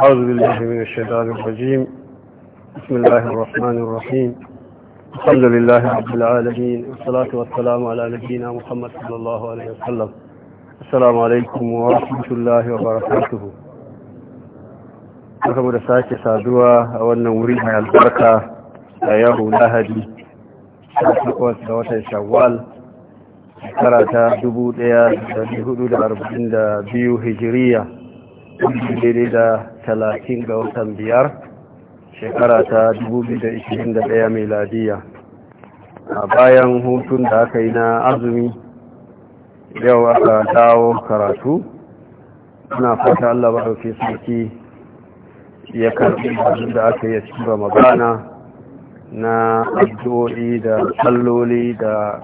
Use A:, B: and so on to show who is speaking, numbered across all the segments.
A: أعوذ بالله من الشيطان الرجيم بسم الله الرحمن الرحيم الحمد لله رب العالمين والصلاة والسلام على نبينا محمد صلى الله عليه وسلم السلام عليكم ورحمة الله وبركاته barkamu da sake saduwa a wannan wuri mai albarka a yau lahadi da watan shawwal shekara ta 1442 hijiriya daidai da talatin ga watan biyar shekara ta 2021 meladiya a bayan hutun da aka yi na azumi yau aka dawo karatu ana fata allah ba ke sarki ya karfi abin da aka yi cikin ramadana na addu'o'i da tsalloli da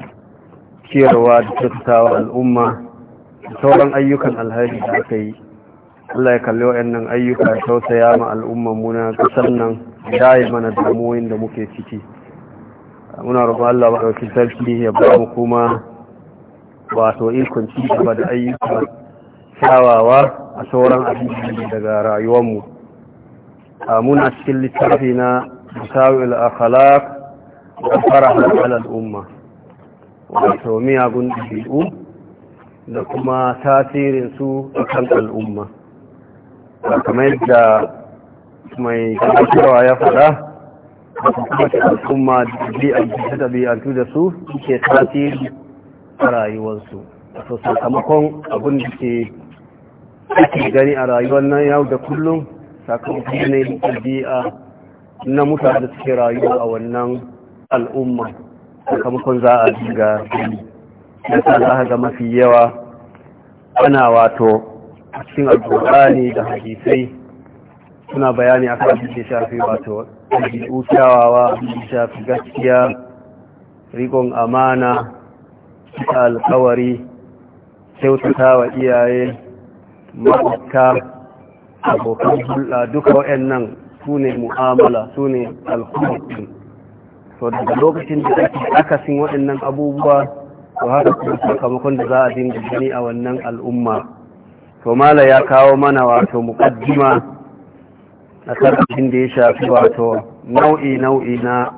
A: ciyarwa da tattawa al'umma da sauran ayyukan alhari da aka yi Allah ya kalli wa'annan ayyuka tausaya ma al'umman mu na kasar nan yayi mana damuwoyin da muke ciki muna roƙon Allah ba dauki sarki ya ba mu kuma wato ikon ci gaba da ayyuka kyawawa a sauran abinci daga rayuwar mu muna cikin littafi na musawil akhlaq da farah alal umma wato miyagun ɗabi'u da kuma tasirinsu a kan al'umma kamar yadda mai kasancewa ya faɗa kuma da ɗabi'antu da su ke tasiri a rayuwarsu so sakamakon abin da ke ake gani a rayuwar nan yau da kullum sakamakon ne biya na mutane da suke rayuwa a wannan al'umma sakamakon za a dinga gani za a ga mafi yawa ana wato a cikin alƙur'ani da hadisai suna bayani akan abin da shafi wato ɗabi'u kyawawa abin da shafi gaskiya riƙon amana ta alƙawari kyautata wa iyaye maƙwabta abokan hulɗa duka nan su ne mu'amala su ne alkhulɗin so daga lokacin da ake akasin nan abubuwa to haka kuma sakamakon da za a dinga gani a wannan al'umma to mala ya kawo mana wato mukaddima a karkashin da ya shafi wato nau'i nau'i na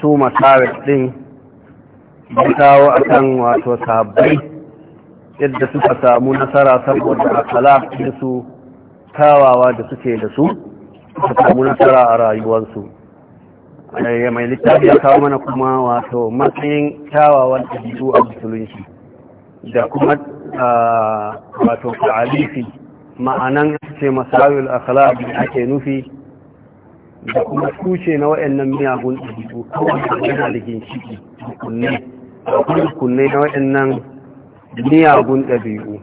A: su masarar din ya kawo a kan wato sabai yadda suka samu nasara saboda da su kawawa da suke da su suka samu nasara a rayuwarsu mai littafi ya kawo mana kuma wato matsayin kyawawan biyu a musulunci da kuma wato ta'alifi ma'anan ce masayul akhlaq ake nufi da kuma tuce na wayannan miyagun ɗabi'u kawai yana da ginshiki kunne kuma kunne na wayannan miyagun ɗabi'u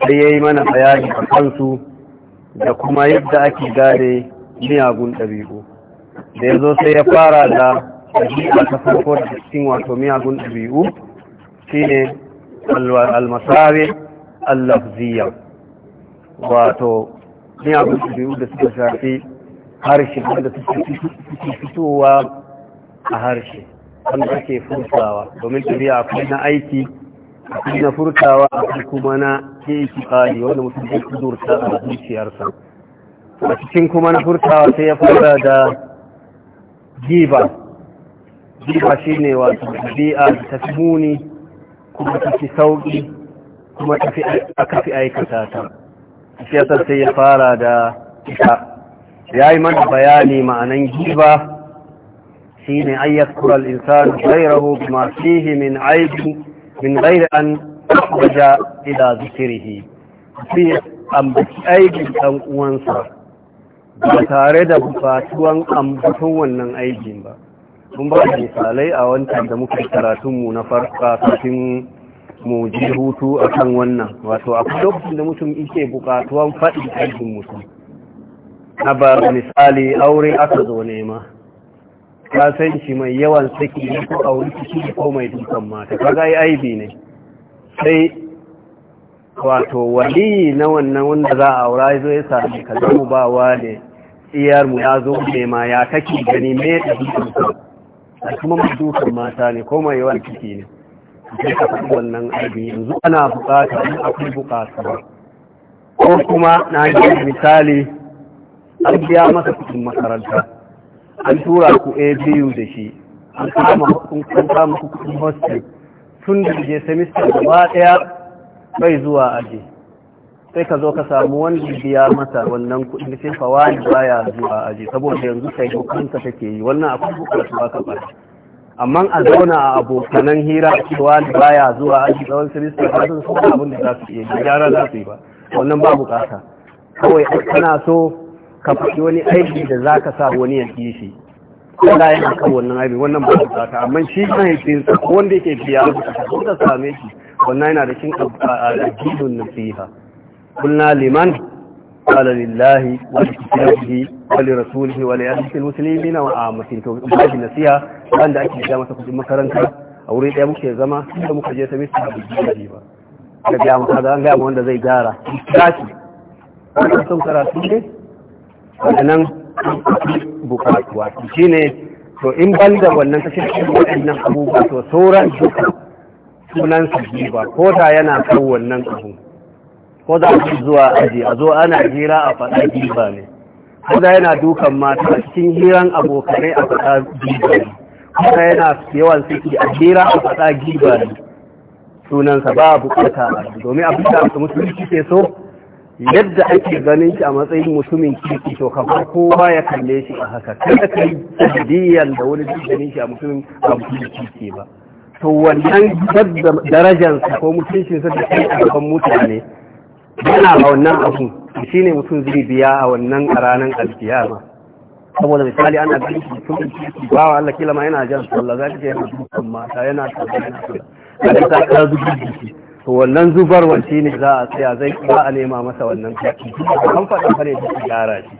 A: sai ya yi mana bayani a kansu da kuma yadda ake gane miyagun ɗabi'u da ya zo sai ya fara da ɗabi'a ta farko da cikin wato miyagun ɗabi'u shine almasari allafziya wato ne abin da biyu da suka shafi harshe wanda suke fitowa a harshe wanda ake furtawa domin tafiya akwai na aiki a na furtawa akwai kuma na ke ikikali wanda mutum zai kudurta a zuciyarsa a cikin kuma na furtawa sai ya fara da giba giba shine wato ɗabi'a ta fi muni kuma ta fi sauƙi kuma aka fi aikata ta shi sai ya fara da ita ya yi mana bayani ma'anan giba shi ne ayyar kural yaskura zai gairahu kuma fihi min aiki min gairi an waja ila zikirihi fi ambaci aiki ɗan uwansa ba tare da bukatuwan ambatun wannan aikin ba mun ba da misalai a wancan da muka karatunmu na farka kafin mu ji hutu a kan wannan wato a lokacin da mutum ike bukatuwan faɗi aikin mutum na ba misali aure aka zo nema ka san shi mai yawan saki ne ko aure cikin ko mai dukan mata kaga yi aibi ne sai wato wani na wannan wanda za a aura ya zo ya sami kaza mu ba wa ne iyar mu ya zo nema ya kake gani me ya ɗabi kuma mai dukan mata ne ko mai yawan ciki ne sai ka faɗi wannan yanzu ana bukata in akwai ba ko kuma na yi misali an biya masa kuɗin makaranta an tura ku abu da shi an kama kun kama kuɗin hostel tun da je semester gaba ɗaya bai zuwa aji sai ka zo ka samu wanda biya masa wannan kuɗin sai fawani baya zuwa aji saboda yanzu sai hukunta take yi wannan akwai ba ka ɓata amma a zauna a abokanan hira cewa baya zuwa aji tsawon sirista ba sun san abin da za su iya gyara za su yi ba wannan ba bukata
B: kawai kana
A: so ka faɗi wani aiki da za ka sa wani ya ƙi shi kada ya haka wannan aiki wannan ba bukata amma shi yi ko wanda yake biya ko ka same shi wannan yana da cin addinin nasiha kulna liman قال لله ولكتابه ولرسوله ولأهل المسلمين وعامة بعد النسيها عند أكيد جامعة كتب مكرنك أوريد يا مكي زما كل مكجية تمسها بالجيبة كجامعة هذا أن جامعة عند زي جارة كاتي أنا أصم كراسي أنا بقاتوا شيني to in ban da wannan ta shirkin waɗannan abubuwa to sauran duka sunan su ba ko da yana kan wannan abu ko za a zuwa aji a zo ana hira a faɗa jiba ne kuma yana dukan mata cikin hiran abokanai a faɗa jiba ne Kuma yana yawan suke a hira a faɗa jiba ne sunansa ba a bukata a domin a fita da mutumin ke so yadda ake ganin shi a matsayin mutumin kirki to kafa kowa ya kalle shi a haka kada ka yi tabiyan da wani duk ganin shi a mutumin a mutumin kirki ba to wannan darajarsa ko mutuncinsa da kai a gaban mutane
B: yana a wannan
A: abu shi ne mutum zai biya a wannan a ranar alkiyama saboda misali ana ganin shi mutum ba wa Allah kila ma yana jan sallah za ka ce yana dukan mata yana sallah yana sallah ka ta zubi jiki to wannan zubarwa shi ne za a tsaya zai ba a nema masa wannan kaki an faɗa fa ne ta gyara shi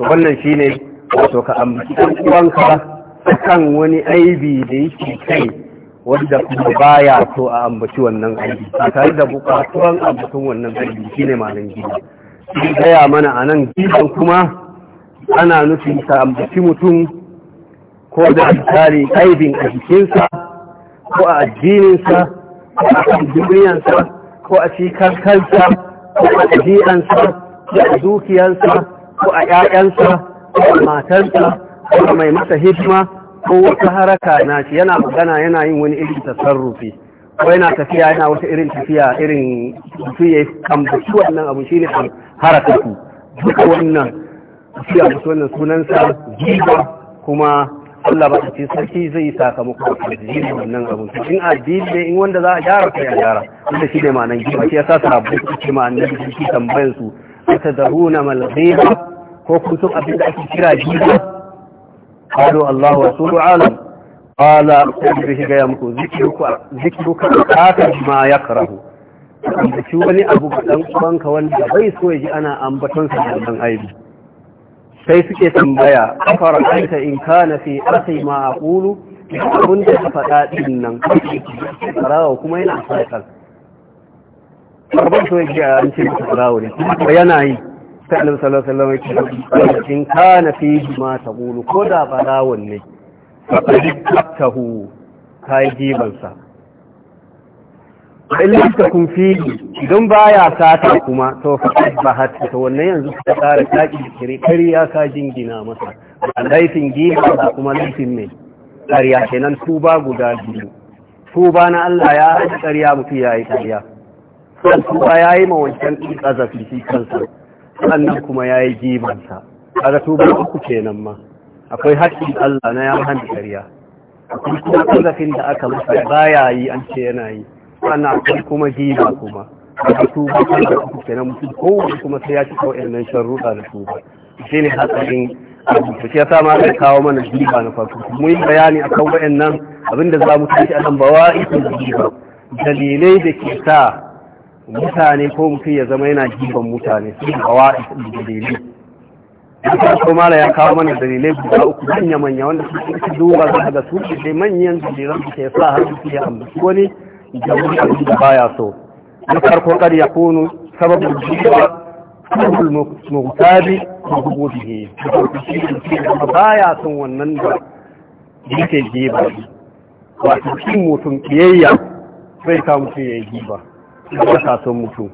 A: to wannan shi ne wato ka ambaci ɗan uwanka kan wani aibi da yake kai wanda kuma baya so a ambaci wannan aiki a tare da bukatuwan ambatun wannan aiki shine malam gida shi gaya mana a nan gidan kuma ana nufin ka ambaci mutum ko da tsari aibin a jikinsa ko a addininsa ko a kan duniyarsa ko a shi ko a ɗabi'ansa ko a dukiyansa, ko a 'ya'yansa ko a matansa, ko a mai masa hidima ko wata haraka shi yana magana yana yin wani irin tasarrufi ko yana tafiya yana wata irin tafiya irin su ya kambaci wannan abu haraka su duka wannan shi abu wannan sunansa jiba kuma Allah ba ce sarki zai yi sakamako a jini wannan abu in addini ne in wanda za a gyara sai a gyara wanda shi ne ma'anar jiba shi ya yasa sabu suke ma'anar jiki tambayan su ta daruna malghiba ko kun san abin da ake kira jiba قالوا الله ورسوله عالم قال به gaya muku zikruka akar ma yakrahu ambaci wani abu ga ɗan uwanka wanda bai so ya ji ana ambaton sa da dan aibi sai suke tambaya afara anta in kana fi asai ma aqulu abun da faɗa ɗin nan karawa kuma yana faɗa karban so ya ji an ce karawa ne kuma yana yi sai annabi sallallahu alaihi wasallam yake in kana fi ma taqulu ko da barawon ne fa qadiktahu yi jibansa. sa in lam takun fi idan baya sata kuma to fa bahat to wannan yanzu ka tsara taki kire ya ka jingina masa laifin gina da kuma laifin mai kariya kenan ba guda biyu Su ba na Allah ya haɗi kariya mutu ya yi kariya ba ya yi mawancan ɗin ƙazafi shi kansa sannan kuma ya yi gibansa a rato ba uku kenan ma akwai haƙƙin Allah na ya hana ƙarya akwai kuma ƙazafin da aka masa ya yi an ce yana yi sannan akwai kuma giba kuma a tuba kan uku kenan mutum kowane kuma sai ya ci wa'annan sharruɗa da tuba shi ne hatsarin abu shi sa ma aka kawo mana giba na farko mun yi bayani a akan wa'annan abinda za mu tashi a nan bawa ita giba dalilai da ke sa mutane ko mutum ya zama yana giban mutane su hawa da dalilai da farko mala ya kawo mana dalilai guda uku manya manya wanda su suke duba za ga su dai manyan dalilan da ya sa har su ya ambaci wani da wani da baya so na farko kar ya kunu sababin jiwa sababul mutabi ko ba baya son wannan da yake giba wato shi mutum kiyayya sai ka mutum ya yi giba da ba son mutum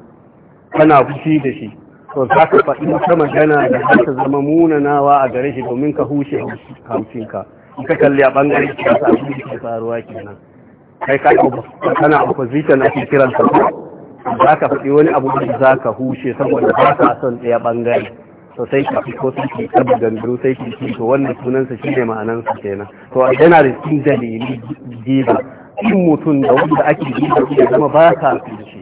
A: kana fushi da shi to za ka faɗi wata magana da har zama munanawa a gare shi domin ka hushe haushinka ka kalli a ɓangare ka sa abin da ke faruwa kenan kai ka kana opposition ake kiran sa za ka faɗi wani abu da za ka hushe saboda ba ka son ɗaya ɓangare to sai fi ko sai ki tabi gandu sai ki ci to wannan sunansa shi ne ma'anansa kenan to yana da cikin dalili jiba in mutum da wanda ake jiba ya zama ba ka fi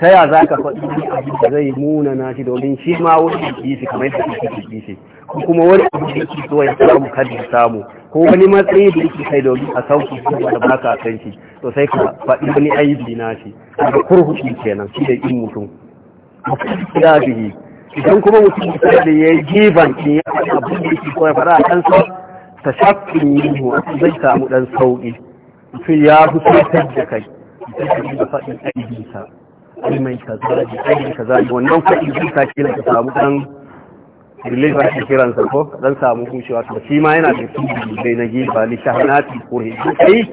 A: ta ya za ka faɗi abin da zai muna na shi domin shi ma wani jiki shi kamar yadda shi shi ko kuma wani abu da yake zuwa ya samu kan ya samu ko wani matsayi da yake kai domin a sauki ko da ba a san shi to sai ka faɗi wani aibi na shi daga kurhuki kenan shi da in mutum ya bihi idan kuma mutum da ya yi jiban in ya faɗi abin da yake so ya faɗa a kan sa ta shafin yi zai samu ɗan sauƙi mutum ya fi sautar da kai mutum faɗin faɗi aibinsa ai kaza da ai kaza da wannan kuɗi zai sa kila ka samu ɗan relief ake kiran sa ko dan samu kushewa to shi ma yana da tudu bai na gefa li shahanati kurhi kai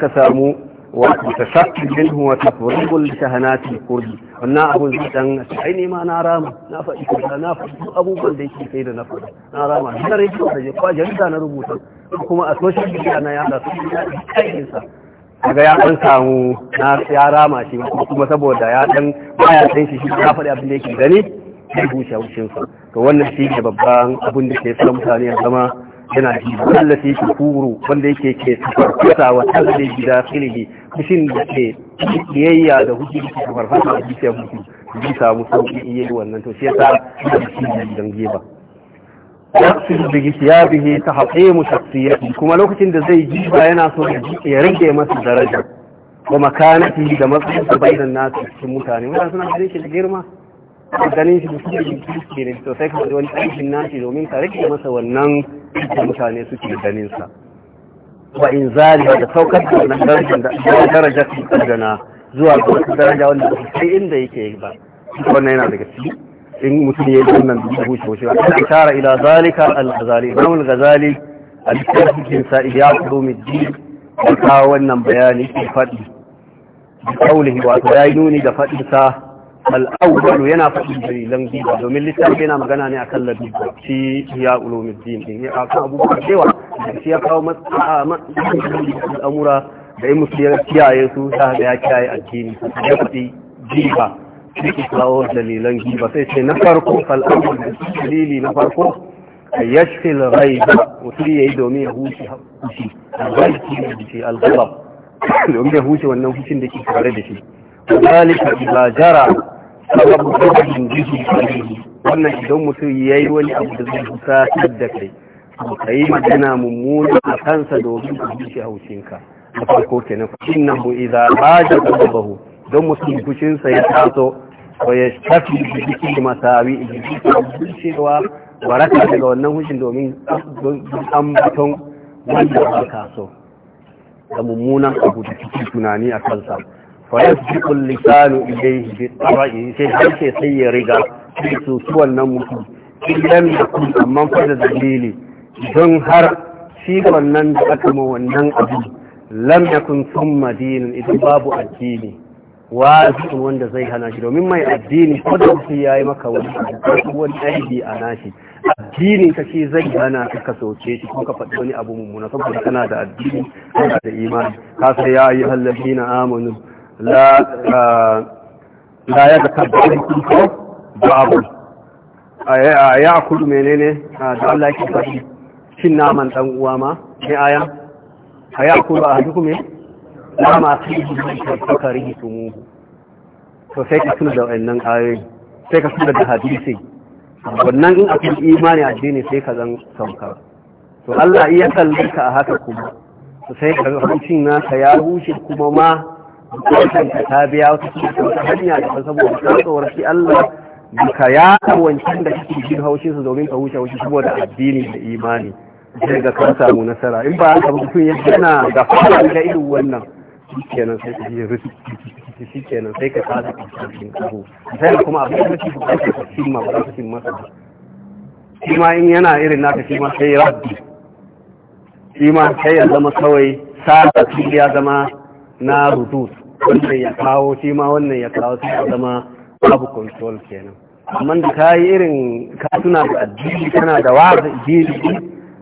A: ka samu wa tashaqqu minhu wa tafridu li shahanati kurhi wannan abun zai dan ai ne ma na rama na faɗi kaza na faɗi abubuwan da yake kai da na faɗi na rama na rage da je kwa jarida na rubuta kuma a social media na yada su da aikin sa daga ya ɗan samu na ya rama shi kuma saboda ya ɗan baya san shi shi ya faɗi abin da yake gani ya huce hucinsa to wannan shi ne babban abin da ke sa mutane ya zama yana ji wanda shi kuru wanda yake ke tafarfasa wa tazali gida filihi kushin da ke biyayya da hujji da ke tafarfasa a jisiyar mutum bisa musamman iya yi wannan to shi ya sa da shi ne ba bihe bi thiyabihi tahqimu shakhsiyati kuma lokacin da zai ji ba yana so ya rage masa daraja wa makanati da matsayin da bainan nasu cikin mutane wanda suna ganin shi da girma ganin shi da suke jiki ne to sai ka wani aikin shi domin ka rage masa wannan da mutane suke ganin sa wa in zaliha da saukar da wannan darajar da darajar da na zuwa ga wata daraja wanda sai inda yake ba wannan yana daga cikin in mutum ya yi wannan da bushe bushe ba kan ishara ila zalika al-ghazali imam al-ghazali a littafin sa ya kudo miji da kawo wannan bayani ke faɗi da kaulihi wato ya yi nuni da faɗin sa al-awwalu yana faɗi dalilan biyu domin littafi yana magana ne akan labi shi ya ulumuddin din ya akan abubuwa cewa shi ya kawo al'amura da in mutum ya kiyaye su sa ya kiyaye addini ya faɗi ba. yake kawo dalilan giba sai ce na farko fal'amur da dalili na farko a yashfi rai mutum ya yi domin ya huce hushi albarki da huce algalab domin ya huce wannan hushin da ke tare da shi zalika idza jara sababu sababin jiki alaihi wannan idan mutum ya yi wani abu da zai husatar da kai ka yi magana mummuna a kansa domin ka huce haushinka na farko kenan fa innahu idza haja qalbahu don mutum fushinsa ya taso wa ya shafi jikin masawi jikin cewa waraka daga wannan hushin domin ambaton
B: wanda ba ka
A: so da mummunan abu da cikin tunani a kansa fa ya lisanu kullisanu ilaihi bi yi sai harshe sai ya riga sai su su wannan mutu. illan da kun amma fa da dalili don har shi wannan da aka ma wannan abu lam yakun sun madinin idan babu addini wajibin wanda zai hana shi domin mai addini ko da mutum ya yi maka wani abu wani aibi a nashi addini ka shi zai hana ka ka soke shi kuma ka faɗi wani abu mummuna saboda kana da addini kana da imani ka sai ya yi hallabi na amanu la ya ya ga tabbatar ko abu a ya kudu menene da Allah ke faɗi shin naman dan uwa ma ne aya a ya kudu a kuma. ma su yi mai karfaka rihi su mu. to sai ka tuna da wannan ayoyi sai ka suna da hadisi wannan in akwai imani addini sai ka zan sauka to Allah iya kallon ka a haka kuma to sai ka ga hukuncin naka ya rushe kuma ma bukatun ka ta biya wata cikin ta hanya da ta saboda ta tsoraci Allah duka ya wancan da kake jin haushin su domin ka wuce, haushi saboda addini da imani
B: sai ga ka samu
A: nasara in ba haka mutum ya gana ga fara da irin wannan shikenan sai ka yi rufi shikenan sai ka kasa cikin kaho na kuma abin da kake bukatar ka cimma ba ka cimma masa shi ma in yana irin naka shi ma sai rabbi shi ma sai ya zama kawai sata shi ya zama na rudus wannan ya kawo shi ma wannan ya kawo sai ya zama babu control kenan amma da ka yi irin ka tuna da addini kana da wazi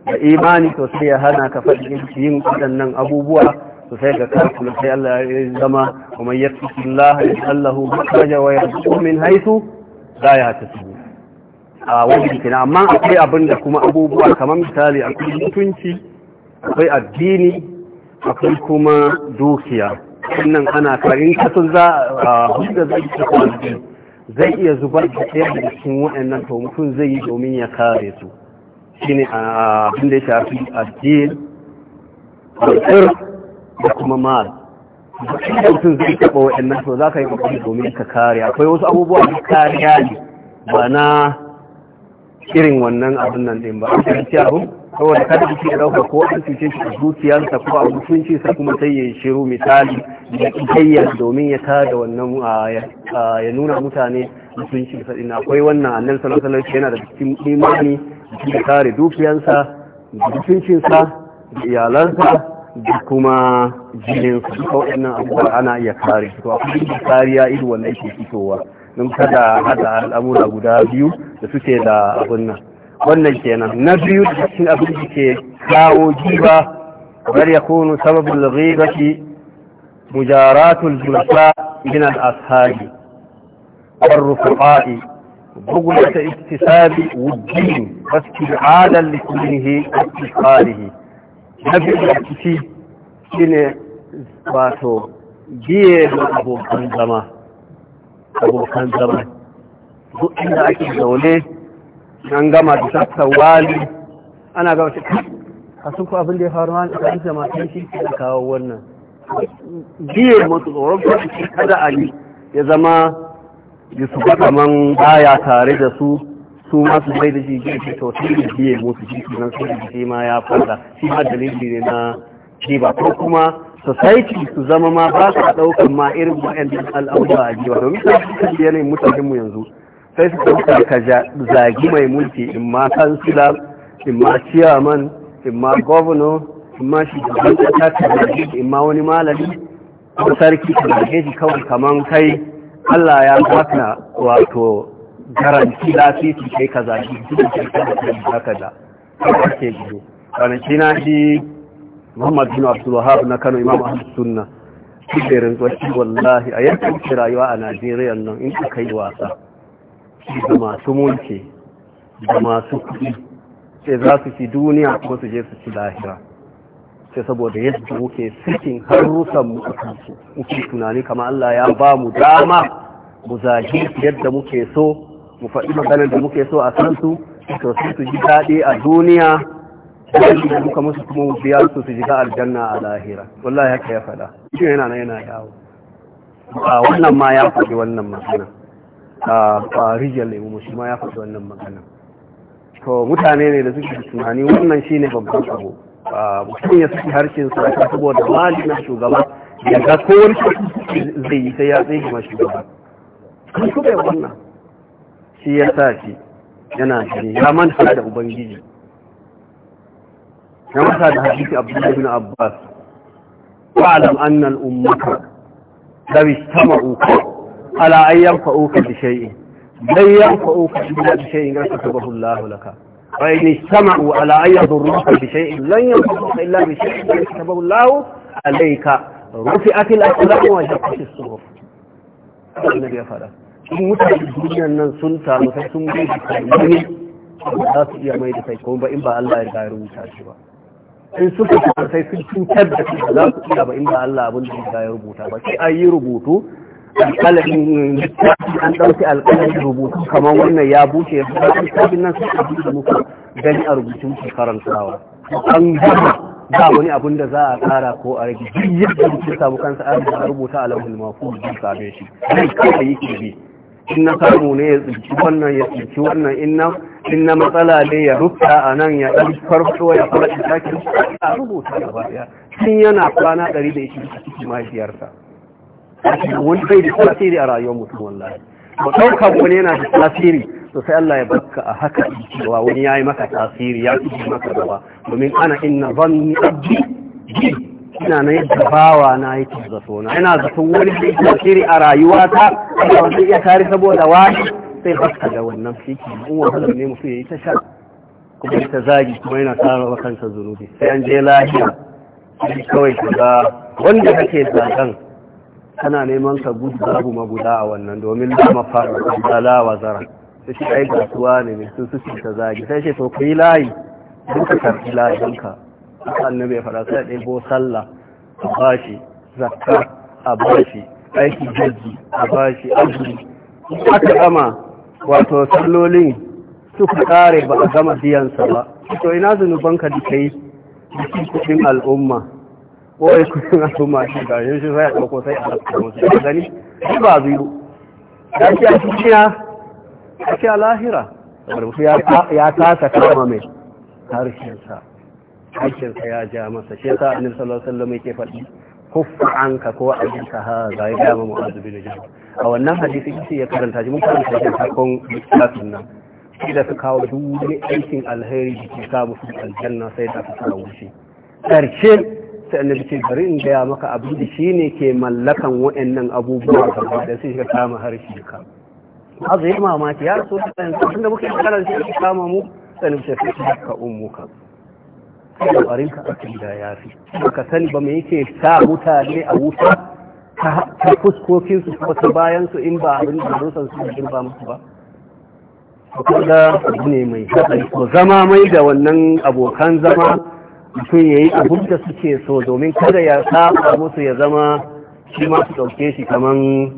A: da imani to sai ya hana ka faɗi yin waɗannan abubuwa to sai ga kafin sai Allah ya zama kuma ya Allah ya Allahu kaja wa yarzuqu min ya ta su a wani kina amma akwai abin kuma abubuwa kamar misali akwai mutunci akwai addini akwai kuma dukiya wannan ana karin kasu za a hudu zai yi kwanci zai iya zubar da ɗaya da cikin waɗannan to mutum zai yi domin ya kare su shine abin da ya shafi addini da kuma mar inda mutum zai taɓa waɗannan to za ka yi ƙoƙari domin ka kare akwai wasu abubuwa na kariya ne ba na irin wannan abin nan ɗin ba a cikin abu saboda kada mutum ya ɗauka ko an cuce shi a zuciyarsa ko a mutuncinsa kuma sai ya shiru misali
B: ya ƙiyayya
A: domin ya da wannan ya nuna mutane mutuncinsa ɗin akwai wannan annan sallallahu alaihi wasallam yana da cikin imani da kare dukiyarsa da mutuncinsa da iyalansa da kuma jinin su duka waɗannan abubuwa ana iya kare to akwai da kariya irin wannan ke fitowa don kada hada al'amura guda biyu da suke da abin nan wannan kenan na biyu da cikin abin da ke kawo jiba kamar ya kunu sababin ghibati mujaratul julasa min al-ashabi والرفقاء بغلة اكتساب والدين واستبعادا لكله واستقاله na biyu a ciki shine wato biye da abokan zama abokan zama duk inda ake zaune an gama da sassawali ana gama ta kasu ku abin da ya faru a an tsarin jama'in shi ke da kawo wannan biye masu tsoron kwanci kada ali ya zama yusufa kaman baya tare da su su ma su bai da jirgin gefe to sai da biye musu shi nan sai shi ma ya fada shi ma dalili ne na riba ko kuma society su zama ma ba su daukan ma irin wa'annan al'amura a jiwa domin sai su kalli yanayin mutanenmu yanzu sai su dauka ka zagi mai mulki in ma kansila in ma chairman in ma governor in ma shugaban kasa ka zagi in ma wani malami ko sarki ka zage shi kawai kaman kai Allah ya baka wato garanti lafifi kai ka zaki duk da kai da da kawai ke gido na shi muhammad bin abdul Wahhab na kano imam ahmad sunna rinzo wasu wallahi a yankin rayuwa a najeriya nan in aka yi wasa da masu mulki da masu kuɗi sai za su ci duniya kuma su je su ci lahira sai saboda yadda muke sikin har rusan mu tunani kamar Allah ya ba mu dama mu zagi yadda muke so mu faɗi maganar da muke so a san su to sai su ji daɗi a duniya da muka musu kuma mu biya su su ga aljanna a lahira wallahi haka ya faɗa shi yana nan yana yawo a wannan ma ya faɗi wannan magana a ƙwarijiyar lemu shi ma ya faɗi wannan magana to mutane ne da suke tunani wannan shine babban abu mutum ya saki harshen sa ta saboda mali na shugaba ya ga kowar shi zai yi sai ya tsaye ma shugaba kuma bai wannan shi ya sa shi yana gani ya manta da ubangiji ya manta da hadisi abdullahi bin abbas wa'alam annal ummata law istama'uka ala an yanfa'uka bi shay'in lan yanfa'uka illa bi shay'in katabahu Allah laka wa in istama'u ala an yadurruka bi shay'in lan yanfa'uka illa bi shay'in katabahu Allah alayka rufi'at al-aqlam wa jaffat as-suhuf. Hada annabi ya fara. in mutane duniyan nan sun taru sai sun mai da kai za su iya mai da kai kuma ba in ba Allah ya gaya rubuta shi ba in suka taru sai sun cutar da kai ba za su iya ba in ba Allah abin da ya rubuta ba sai an yi rubutu
B: alƙalamin
A: an ɗauki alƙalamin rubutu kamar wannan ya bushe littafin nan sun abin da muka gani a rubutun ke karantawa an gama ba wani abin da za a ƙara ko a rage duk yadda mutum samu kansa an rubuta a lauhul mafu bi same shi kai kawai yake bi in na samu ne ya tsinci wannan ya tsinci wannan in na matsala ne ya rubuta a nan ya ɗan farko ya fara isakin a rubuta da baya sun yana kwana ɗari da ishirin a cikin mahaifiyarsa
B: wani bai da tasiri
A: a rayuwar mutum wallahi ba ɗaukar wani yana da tasiri to sai Allah ya baka a haka cewa wani ya yi maka tasiri ya fi maka gaba domin ana inna zanni abdi ina na yadda bawa na yake zato na ina zato wani da yake shiri a rayuwata a wasu iya kare saboda wani sai haska da wannan shi in wahala ne mutum ya yi ta sha kuma ta zagi kuma yana tsara wa kansa zunubi sai an je lafiya shi kawai ka ga wanda kake zagan kana neman ka gudu babu maguda a wannan domin da mafara da lawa zara sai shi ai ne mai sun suke ta zagi sai ce to ka yi layi duka karfi layinka haka annabi ya fara sai ɗebo sallah a bashi zakka a bashi aiki jirgi a bashi azumi aka gama wato sallolin suka ƙare ba a gama biyansa ba to ina zunubanka da kai cikin kudin al'umma kawai kudin al'umma shi ga yin shi sai a ɗauko sai a ɗauko musu ya gani shi ba biyu ya ce a duniya ya ce a lahira ya tasa kama mai harshensa haƙƙinsa ya ja masa shi yasa annabi sallallahu alaihi wasallam yake faɗi kuffa anka ko ajinka ha ga ya ma mu'adh bin jabal a wannan hadisi shi ya karanta shi mun karanta shi sakon littafin nan shi da su kawo duk aikin alheri da ke kawo su aljanna sai da su kawo shi karshe sai annabi ce bari in gaya maka abu da shi ne ke mallakan waɗannan abubuwa kamar da sai ka kama harshe ka azu ya mamaki ya rasu da tun da muke kalar shi ka kama mu sanin shi ka ummuka ƙarin ka ake da ya fi ka sani ba mai yake sa mutane a wuta ta fuskokin su kuma ta bayan su in ba abin da rusan su girba musu ba kaga abu ne mai haɗari ko zama mai da wannan abokan zama mutum ya yi abin da suke so domin kada ya saba musu ya zama shi ma su ɗauke shi kaman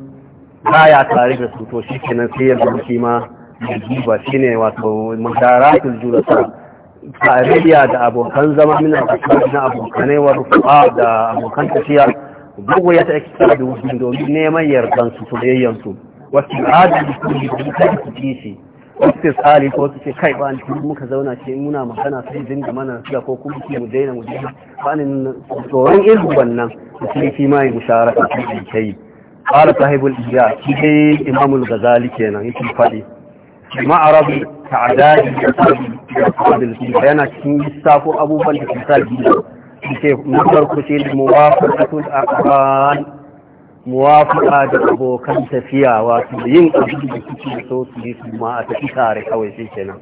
A: baya tare da su to shi kenan sai ya zama shi ma mai jiba shine wato jura sa
B: tarayya da
A: abokan zama mina da asbab na abokanai wa rufuwa da abokan tafiya gugu ya yake kira da wujin domin neman yardan su soyayyan su wasu adi da kuma da kai su ci shi wasu tsari ko su ce kai ba ni muka zauna ce muna magana sai da mana siya ko kuma mu daina mu daina ba ni tsoron irin wannan mutum fi ma yi musharar a yi kai قال صاحب الإجاء كده إمام الغزالي كان faɗi. ma'arabi ta adadi da sabi da fadil fifa yana cikin lissafo abubuwan da ke sa biyu ke na farko ce da muwafaƙatul aqran muwafaƙa da abokan tafiya wato yin abin da kike so su yi kuma a tafi tare kawai sai kenan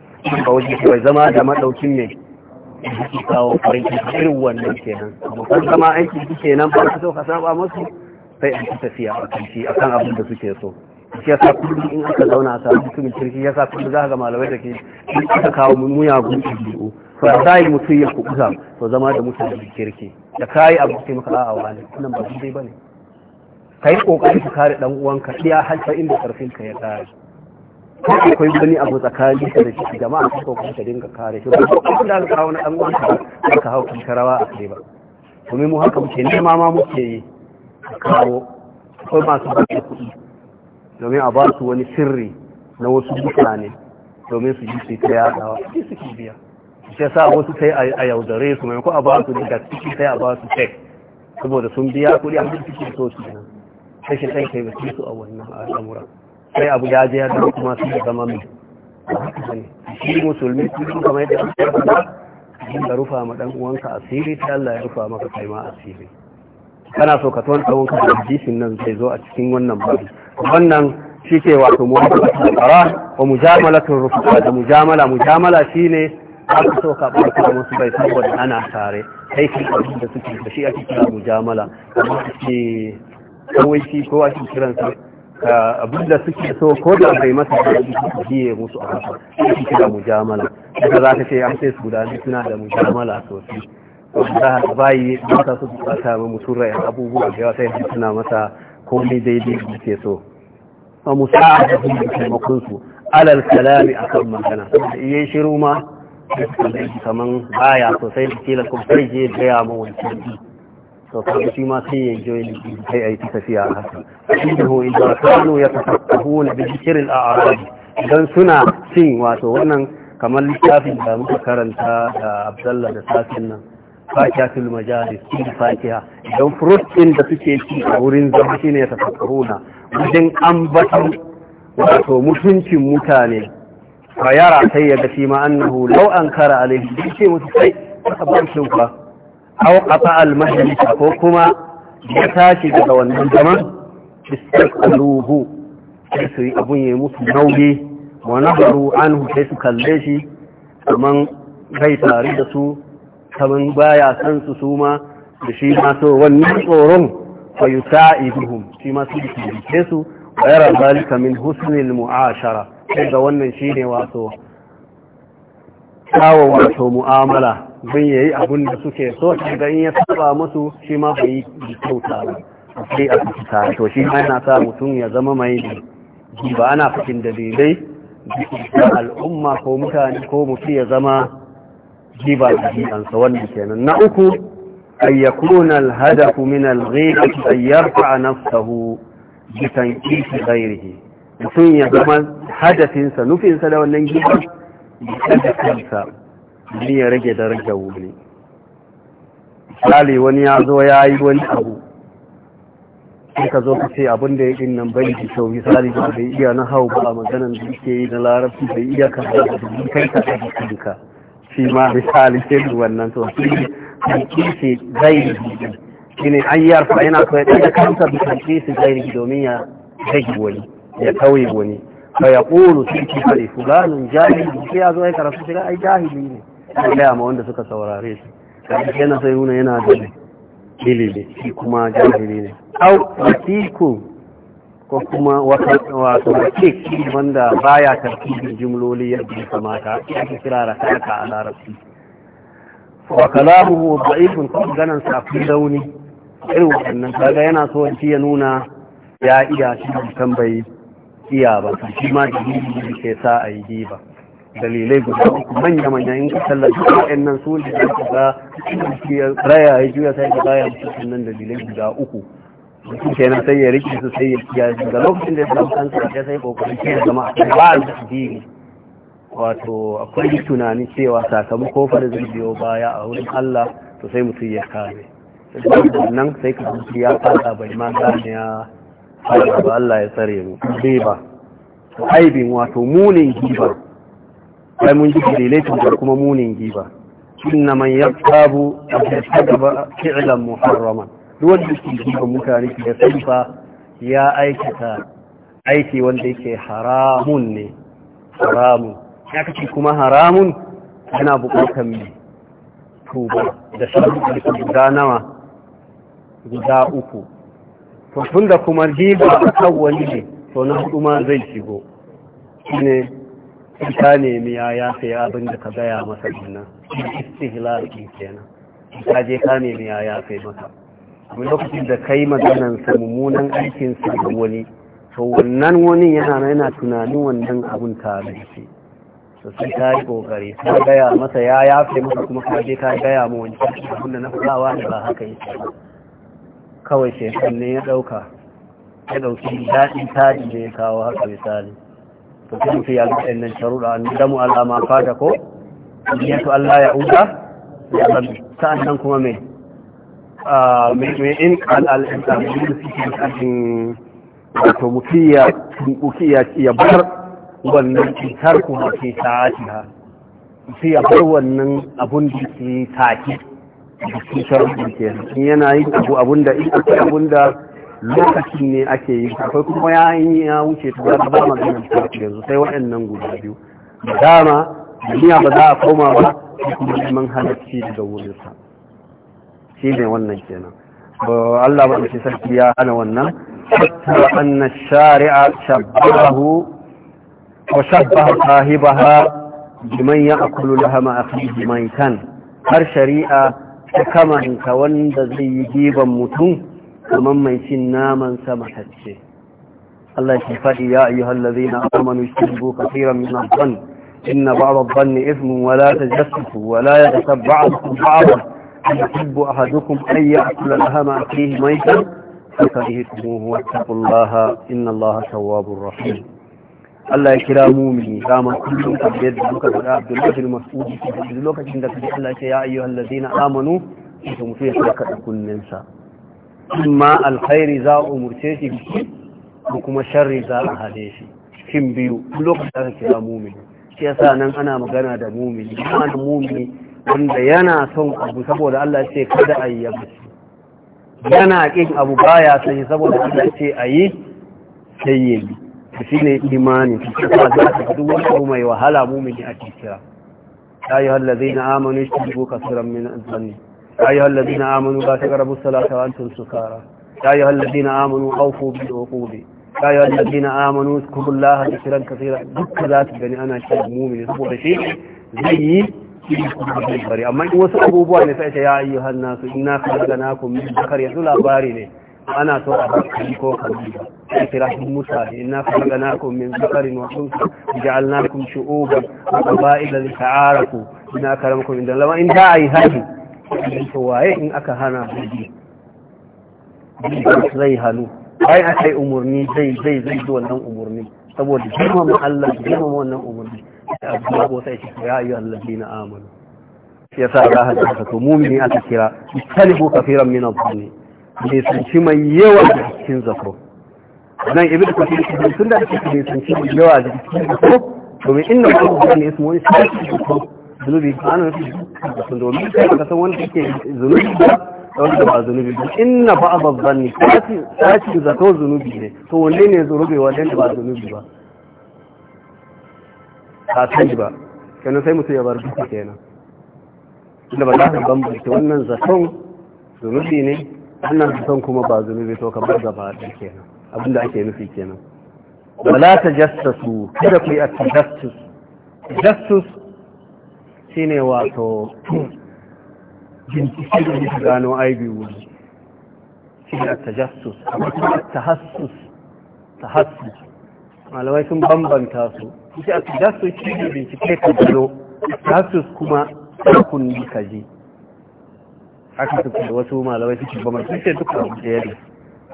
A: ba waje bai zama da maɗaukin ne kike kawo farin ciki irin wannan kenan kuma abokan zama aiki kike nan ba ka so ka saba musu sai a tafiya a kan abin da suke so shi yasa kullum in aka zauna a samu mutumin kirki yasa kullum za ka ga malamai da ke in aka kawo muyagun biyu? to a zai mutum ya kubuta to zama da mutumin kirki da kayi abu sai maka a'a wani nan ba zai bane ka yi ƙoƙari ka kare ɗan uwanka iya halfa inda karfin ka ya kare ko akwai wani abu tsakani da shi jama'a ka ko ka dinga kare shi ba ko da ka kawo na ɗan uwanka ba ka hau kan karawa a kai ba domin mu haka muke nema ma muke yi kawo ko masu ba kuɗi domin a ba su wani sirri na wasu mutane domin su yi su ta yadawa ji suke biya shi sa wasu sai a yaudare su maimako a ba su ne ga ciki sai a ba su tek saboda sun biya kuɗi a cikin so su sai shi ɗan kai ba su a wannan al'amura sai abu ya je ya dawo kuma sun zama mai shi musulmi sun kamar yadda aka yarda da rufa ma dan uwanka asiri ta Allah ya rufa maka kai ma asiri kana so ka tuwanta wanka da hadisin nan zai zo a cikin wannan babu wannan shi ke wato muwafaqatul qara wa mujamalatul rufuqa da mujamala mujamala shine aka so ka barka da wasu bai saboda ana tare aikin abin da suke da shi ake kira mujamala amma ake kawai shi ko ake kiransa abin da suke so ko da bai masa da su biye musu a haka shi kira mujamala daga za ka ce an sai su da suna da mujamala sosai za a bayi masa su bukata ma mutum rai abubuwa da yawa sai suna masa komai daidai da ke so a musa'a da taimakon su. alal kalami a kan magana saboda iya shiru ma kaman baya sosai da kila kuma sai je gaya ma wancan bi to kaga shi ma sai ya joyi kai a yi ta tafiya a haka innahu idza kanu yatafaqahuna bi dhikri al-a'rab dan suna cin wato wannan kamar littafin da muka karanta da Abdullah da safin nan fakiyatul majalis shi fakiya don fruit din da suke ci a wurin zama shine ya tafakkuruna wajen ambaton wato mutuncin mutane fa yara sai ya ga shi ma annahu law ankara alaihi ce musu sai ka ba shi ba. aw qata al majlis ko kuma ya tashi daga wannan zaman istaqaluhu sai su yi abun ya musu nauyi wa naharu anhu sai su kalle shi kaman bai tare da su kaman baya san su su ma da shi ma so wannan tsoron fa yusa'iduhum shi ma su ke su wa yara zalika min husnil mu'ashara daga ga wannan shine wato
B: kawo wato
A: mu'amala bin yayi abun da suke so ga in ya saba musu shi ma bai yi kyauta ba sai a ta to shi ma yana sa mutum ya zama mai ba ana fitin dalilai al'umma ko mutane ko mutu ya zama jiba da jibansa wannan kenan na uku an yakuna alhadafu min alghibati an yarfa nafsahu bi tanqisi ghairihi mutum ya zama hadafinsa nufinsa da wannan giba da kansa ni ya rage daraja wuri misali wani ya zo ya yi wani abu sai ka zo ka ce abin da ya yi nan bai da kyau misali ba bai iya na hau ba a maganan da yake yi na larabci bai iya ka da kai ka da kanka shi ma misali ce wannan to shi tankisi zai shi ne an yarfa yana so ya ɗaga kansa da tankisi zai domin ya rage wani ya kauye wani fa ya ƙulu sun ci fari fulanun jahili sai ya zo ya karatu shiga ai jahili ne ya gaya ma wanda suka saurare shi karfi yana sai yana da ilimi shi kuma jahili ne au wasiku ko kuma wato kek wanda baya tartibin jimloli yadda ya kamata ake kira rakaka a larabci wa kalamuhu da'ifun ko ganan sa fi rauni irin wannan kaga yana so shi ya nuna ya iya shi kan bai iya ba shi ma dalili ke sa a yi ba dalilai guda uku manya manya in ka tallafi wa'annan su ne da ka ga raya ya juya sai ka baya mutum nan dalilai guda uku mutum kenan sai ya rike su sai ya daga lokacin da ya samu kansa ya sai kokarin ke zama a kan ba'al addini wato akwai tunani cewa sakamako fara da zai biyo baya a wurin Allah to sai mutum ya kame nan sai ka mutum ya fada bai ma gane ya fara ba Allah ya tsare mu riba aibin wato munin giba sai mun ji dalilai laifin da kuma munin giba inna man yaqtabu fi fi'lan muharraman duk wanda ke zuwa mutane ke sani ya aikata aiki wanda yake haramun ne haramun ya kace kuma haramun yana bukatar mai tuba da sharuɗa guda nawa guda uku to tun da kuma riba a kan wani ne to na hudu ma zai shigo shine ne nemi ya ya sai abin da ka gaya masa dinnan ki kenan ta je ka nemi ya ya sai masa lokacin da kai maganan sa mummunan aikin sa ga wani to wannan wani yana yana tunanin wannan abun tare da shi to sai ta yi kokari ta gaya masa ya yafe masa kuma ka je ka gaya ma wani abun da na fulawa ne ba haka yake kawai shekar ne ya dauka ya dauki daɗin tari da ya kawo haka misali to sai mutum ya ga ɗannan sharuɗa an damu alama fata ko ya to Allah ya uda ya zabi sa'an nan kuma mai mai in al'adun da suke cikin wato mukiya mukiya ya bar wannan cutar kuma ke sa'atiha sai ya bar wannan abun da ke take da cutar da ke in yana yin abu abun da in akwai abun da lokacin ne ake yi akwai kuma ya yi ya wuce ta zama ba maganin farko yanzu sai waɗannan guda biyu da dama
B: duniya ba za a koma
A: ba kuma neman halarci daga wurinsa shi ne wannan kenan Allah ba shi sarki ya hana wannan hatta anna shari'a shabbahu wa shabbaha sahibaha biman ya'kulu lahama akhihi maitan har shari'a ta kamanta wanda zai yi giban mutum kamar mai cin naman sa matacce Allah ya faɗi ya ayyuhal ladzina amanu ishtabu kathiran min adh-dhann inna ba'd adh-dhanni ithmun wa la tajassasu wa la yatatabba'a ba'd يحب أحدكم أن يأكل لها أخيه ميتا فكرهتموه واتقوا الله إن الله تواب رحيم Allah ya kira mumini dama kullum kamar yadda muka faɗa Abdullahi bin Mas'ud duk lokacin da kaji Allah ya ce ya ayyuhal na amanu to mutum ya saka kunnen sa amma alkhairi za a umurce shi ko kuma sharri za a hade shi cikin biyu lokacin da kira mumini shi sa nan ana magana da mumini ana mumini wanda yana son abu saboda Allah ce kada a yi abu yana ƙin abu baya son saboda Allah ce a yi sai yi shi ne imani shi kuma za ta duk wani abu mai wahala mu mumini ake kira ya yi hallazi na amanu shi ko kasuran min zanni ya yi hallazi na amanu ba ta karabu salata wa antum sukara ya yi hallazi na amanu aufu bi uqubi ya yi hallazi na amanu kullaha dhikran kaseera duk za ta gani ana mu mumini saboda shi zai yi bari amma in wasu abubuwa ne sai ta ya ayyu hanna su inna khalaqnakum min zakar yanzu labari ne ana so a bakari ko kabila sai kira shi musa inna khalaqnakum min zakarin wa unsa ja'alnakum shu'uban wa qabaila ina inna karamakum inda lawa in ta ayi hadi ta, waye in aka hana hadi zai hanu ai akai umurni zai zai zai wannan umarni saboda girmama Allah girmama wannan umarni. abu abu sai shi ya ayyuhal za to mumini aka kira sanci mai yawa da cikin zafo nan ibnu kathir shi tun da shi ne sanci mai yawa da cikin zafo domin inna kullu dhanni ismu ne sanci ko zunubi ana nufi da domin kai ka san wanda yake zunubi wanda ba zunubi ba inna ba'd dhanni sati sati zato zunubi ne to wanne ne zunubi wanne ba zunubi ba ba sani ba kenan sai mutum ya bar duka kenan inda ba za ka bambanta wannan zaton zunubi ne wannan zaton kuma ba zunubi to ka bar gaba da kenan abinda ake nufi kenan ba za ta su, kada ku yi a tajassus jassus shine wato bincike da gano aibi wuri shi ne a tajassus amma kuma tahassus tahassus malamai sun bambanta su yace a tidasus shi ne bincike ka zo tasus kuma kun yi kaji haka suka da wasu malamai suke ba masu ce duka abu da yare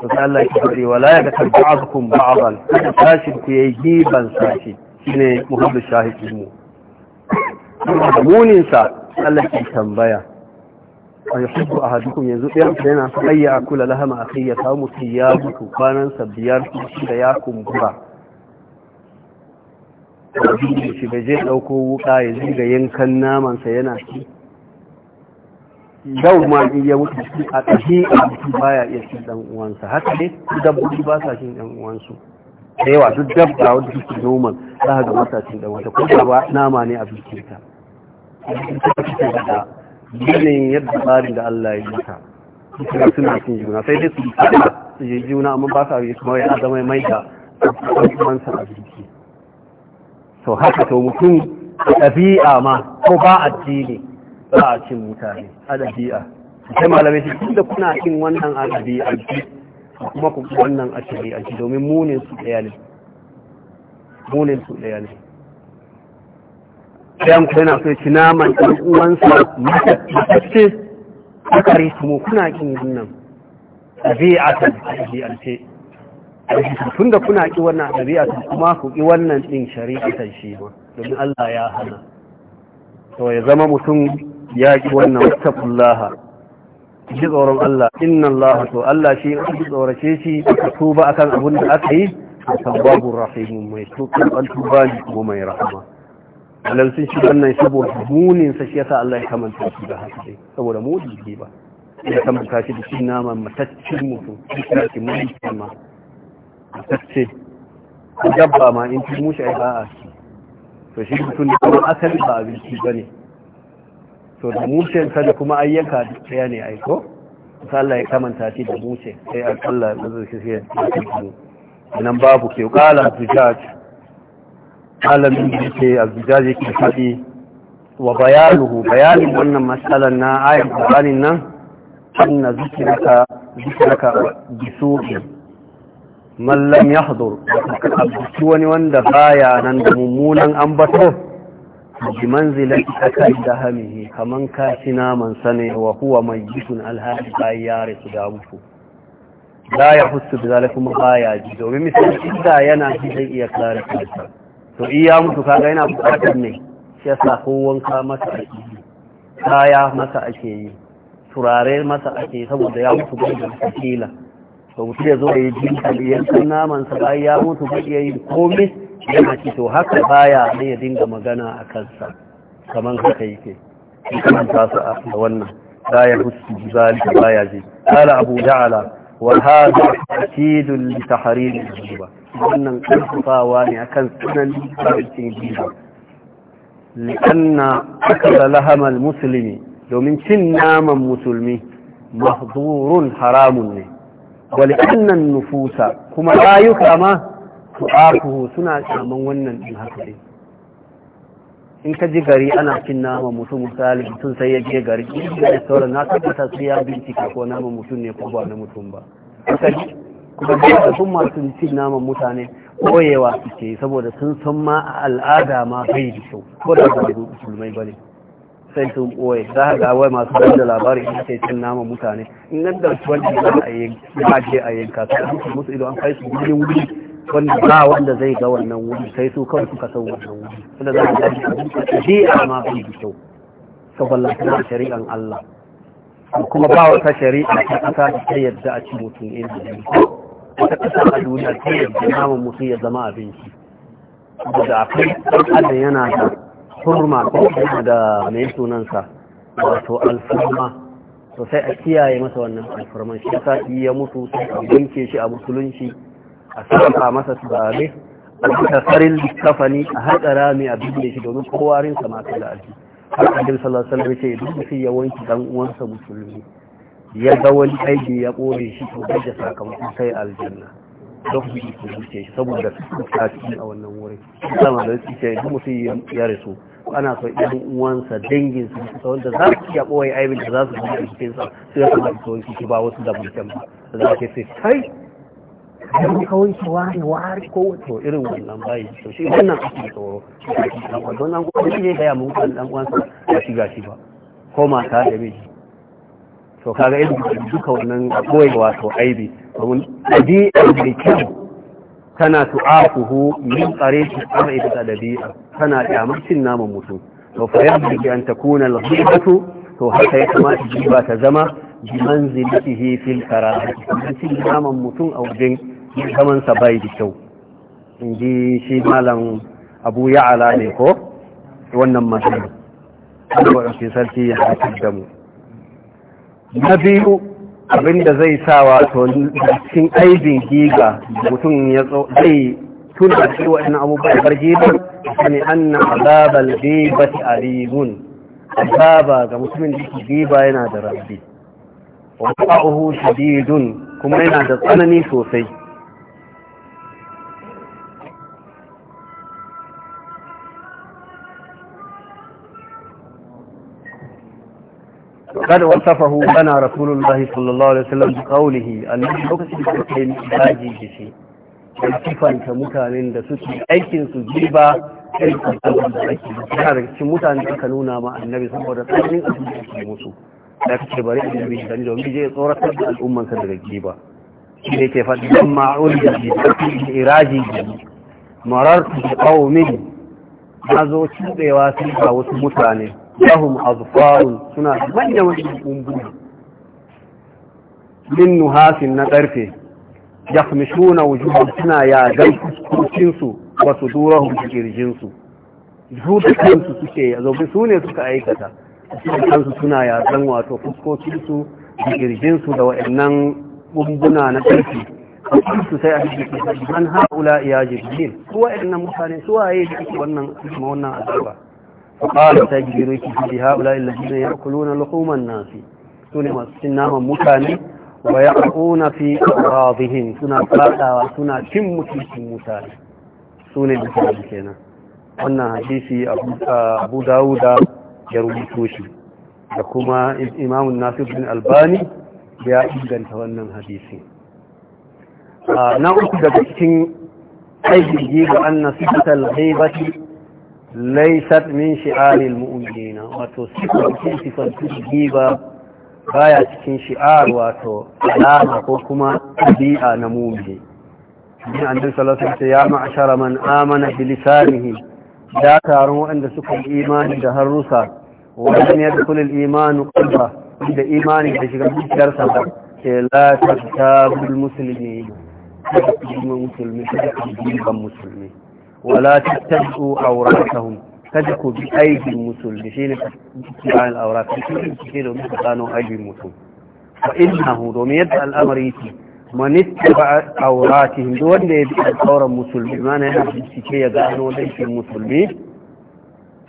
A: to sai Allah ya kare wala ya ka ba'dukum ba'dan tashin ku yayi giban sashi shine muhammadu shahidin mu munin sa Allah ke tambaya a yuhibbu ahadukum yanzu ɗaya ku yana so ayya akula lahama akhiya ta mutu ya mutu kwanan sa biyar da ya kumbura shi ba zai ɗauko wuka ya ziga yankan namansa yana ci yau ma in ya wuce shi a ƙashi a ba ya iya cin ɗan uwansa haka ne dabbobi ba sa cin ɗan uwansu da yawa duk dabba wanda suke noman za ga masa cin ɗan uwansa ko ba nama ne a bikinta yanayin yadda tsarin da Allah ya yi ta suna suna cin juna sai dai su yi su je juna amma ba sa yi kuma ya zama mai da ɗan uwansa a bikin. to haka to mutum ɗabi'a ma ko ba addini ba a cin mutane a ɗabi'a sai malamai su tun da kuna cin wannan a ɗabi'a kuma ku wannan a ji domin munin su ɗaya ne munin su ɗaya ne ɗayan ku yana so ci naman ɗan uwansa matacce akari su mu kuna cin wannan ɗabi'a ta ɗabi'a ce tun da kuna ki wannan ɗabi'a ta kuma ku ki wannan ɗin shari'atan shi ma domin Allah ya hana to ya zama mutum ya ki wannan wattaqullaha ji tsoron Allah inna Allah to Allah shi ji tsorace shi ka tuba akan abin da aka yi tawwabur rahim mai tuba an tuba ne kuma mai rahama alal sun shi wannan saboda munin sa shi yasa Allah ya kamanta shi da haka saboda mu ba ya kamanta shi da shi naman mataccin mutum shi kuma matacce dabba ma in ci mushi ai ba'a ci to shi mutum da kuma asali ba abinci ba ne to da mushensa da kuma ayyuka daya ne aiko sai Allah ya kamanta shi da mushe sai Allah ya zuci shi ya nan babu ke kala zujaj alamin da ke azujaj yake faɗi wa bayanuhu bayanin wannan matsalan na ayin Qur'anin nan anna zikraka zikraka bisu'in mallam ya hadur shi wani wanda baya nan da mummunan ambato bi kai da hamihi kaman kashi naman sane wa mai mayyitun alhali ba ya rasu da mutu Za ya husu da zalika kuma baya ji domin misali inda yana ji zai iya kare kansa to iya mutu kaga yana bukatar ne shi yasa ko wanka masa ake yi kaya masa ake yi turare masa ake saboda ya mutu ba da kila to mutum ya zo a yi jinkali yankan namansa bayan ya mutu ba iya yin komai yana ci to haka baya ne ya dinga magana a kansa kamar haka yake in kamanta su a wannan la ya zali da baya ji qala abu ja'ala wa hadha akidun li tahrim al ba. wannan karfafawa ne a kan sunan karfin jiba lianna aka laham al Musulmi. domin cin naman musulmi mahzurun haramun ne wali nufusa kuma rayuka ma tu'afuhu suna kyaman wannan din haka in ka ji gari ana cin nama mutum misali mutum sai ya je gari in da sauran na tabbata sai ya bincika ko nama mutum ne ko ba na mutum ba kuma da sun masu cin naman mutane koyewa suke saboda sun san ma al'ada ma bai da kyau ko da ba musulmai ba ne sai sun ɓoye za ga wai masu ban da labarin ina ce cin nama mutane in nan da wani za a yi gaje a yanka an musu ido an kai su gudun wuri wanda ba wanda zai ga wannan wuri sai su kawai suka san wannan wuri wanda za a gaji a bi'a ma bai da kyau saboda tana shari'an Allah kuma ba wata shari'a ta ƙasa da ta yadda a ci mutum in da wata ƙasa a duniya ta yadda naman mutum ya zama abinci da akwai ɗan adam yana da hurma ko kuma da mai sunansa wato alfarma to sai a kiyaye masa wannan alfarman shi sa ya mutu sai a binke shi a musulunci a sarrafa masa turare a cikin farin kafani a haɗa rami a binne shi domin kowarin sa masu da alfi har a jin sallar wasallam ce duk shi ya wanki dan uwansa musulmi
B: ya ga wani
A: aiki ya ɓore shi to da sakamakon sai aljanna don ku yi ku saboda su a a wannan wurin sama da su ce duk mutum ya rasu ana so yan uwansa dangin su ta wanda za su iya ɓoye aibin da za su yi a cikin sa su ya kamata su wanki shi ba wasu da mutum ba da za ke sai kai idan ka wanki ware ware ko wato irin wannan bayi to shi wannan cikin tsoro don an kuma shi ne gaya mun kan ɗan uwansa ya shiga shi ba ko mata da miji to kaga irin duka wannan ɓoye wato aibi domin ɗabi'ar da kyau tana tu'afuhu min tsare shi kama ita ɗabi'a tana kyamar cin naman mutum to fa yabdi an takuna al-ghibatu to haka ya kamata ba ta zama bi manzilatihi fil karahati cin naman mutum a wajen zaman sa bai da kyau ji shi malam abu ya'ala ne ko wannan masana a ya sarki ya haifar da mu na biyu abinda zai sa wato cikin aibin giga mutum ya zai تلك الشيوة إن أبو بكر جيبا يعني أن أباب الغيبة أليم أبابا كمسلم لكي جيبا ينادى ربي وقعه شديد كما ينادى الثنني سوسي قد وصفه لنا رسول الله صلى الله عليه وسلم بقوله أن يقصد في الحين بهذه الشيء da kifanta mutanen da suke aikin su jiba irin abubuwan da ake yana daga cikin mutane da aka nuna ma annabi saboda tsarin abin da ake musu da kake bari annabi dan domin zai tsoratar da al'ummansa daga jiba shi ne ke faɗi don ma'ul da ke tafi iraji da marar da ƙaumin na zo cuɗewa sun ga wasu mutane lahum azfarun suna manyan wani kumbuna min nuhasin na ƙarfe yafmishuna wujuhum suna yagan fuskokin su wa sudurahum kirjin su zuciyan kansu suke ya zobe su ne suka aikata kansu suna ya yagan wato fuskokin su kirjin su da wa'annan gumbuna na karfi su sai a cikin man haula ya jibril su wa'annan mutane su waye da ake wannan wannan azaba fa qala tajbiru ki bi haula alladhina na luhuman nasi ne masu cin naman mutane wa ya'una fi qadhihim suna fadawa suna cin mutuncin mutane sune da kenan wannan hadisi Abu Dawuda ya rubuto shi da kuma Imamun Nasir bin Albani ya inganta wannan hadisi na uku daga cikin aiki ga anna sifatal ghaibati laysat min shi'aril mu'minina wato sifatul sifatul baya cikin shi'ar wato alama ko kuma ɗabi'a na mumini din annabi sallallahu alaihi wasallam ya ma'ashara man amana bi lisanihi da taron waɗanda suka yi imani da harusa wannan ya dukul al-iman qalba da imani da shiga zuciyar sa da ke la tasabul muslimi musulmi musulmi wala tattabu awratahum kada ku bi aibin musul da shi ne kiran al'aura ka shi ne domin ku gano aibin musul fa innahu domin yadda al'amari yake ba ittaba awratihim duk wanda ya bi al'auran musulmi mana yana bincike ya gano laifin musulmi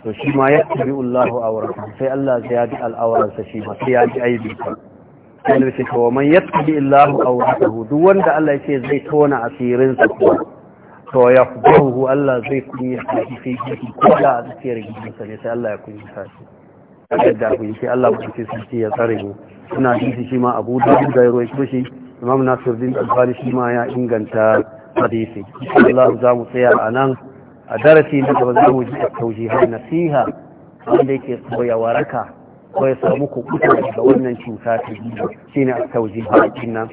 A: to shi ma ya tabi Allahu awratihim sai Allah ya bi al'awaransa shi ma sai ya bi aibinsa sai ne shi to man yattabi Allahu awratahu duk wanda Allah ya ce zai tona asirinsa kuwa to ya Allah zai kunya shi sai shi ko da a tsakiyar gidansa ne sai Allah ya ya shi kaga da kun shi Allah ba sai ya tsare mu suna hadisi shi ma Abu Dawud da Rawi Kushi Imam Nasiruddin Al-Albani shi ma ya inganta hadisi Allah za mu tsaya a nan a darasi na gaba za mu ji har nasiha wanda yake koya waraka ko ya samu kukuta daga wannan cuta ta biyu ne a taujin haƙin nan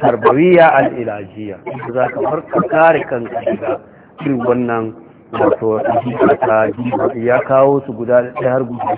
A: tarbawiya al'ilajiya za ka farka kare kanka daga irin wannan wato ta ya kawo su guda ɗaya har guda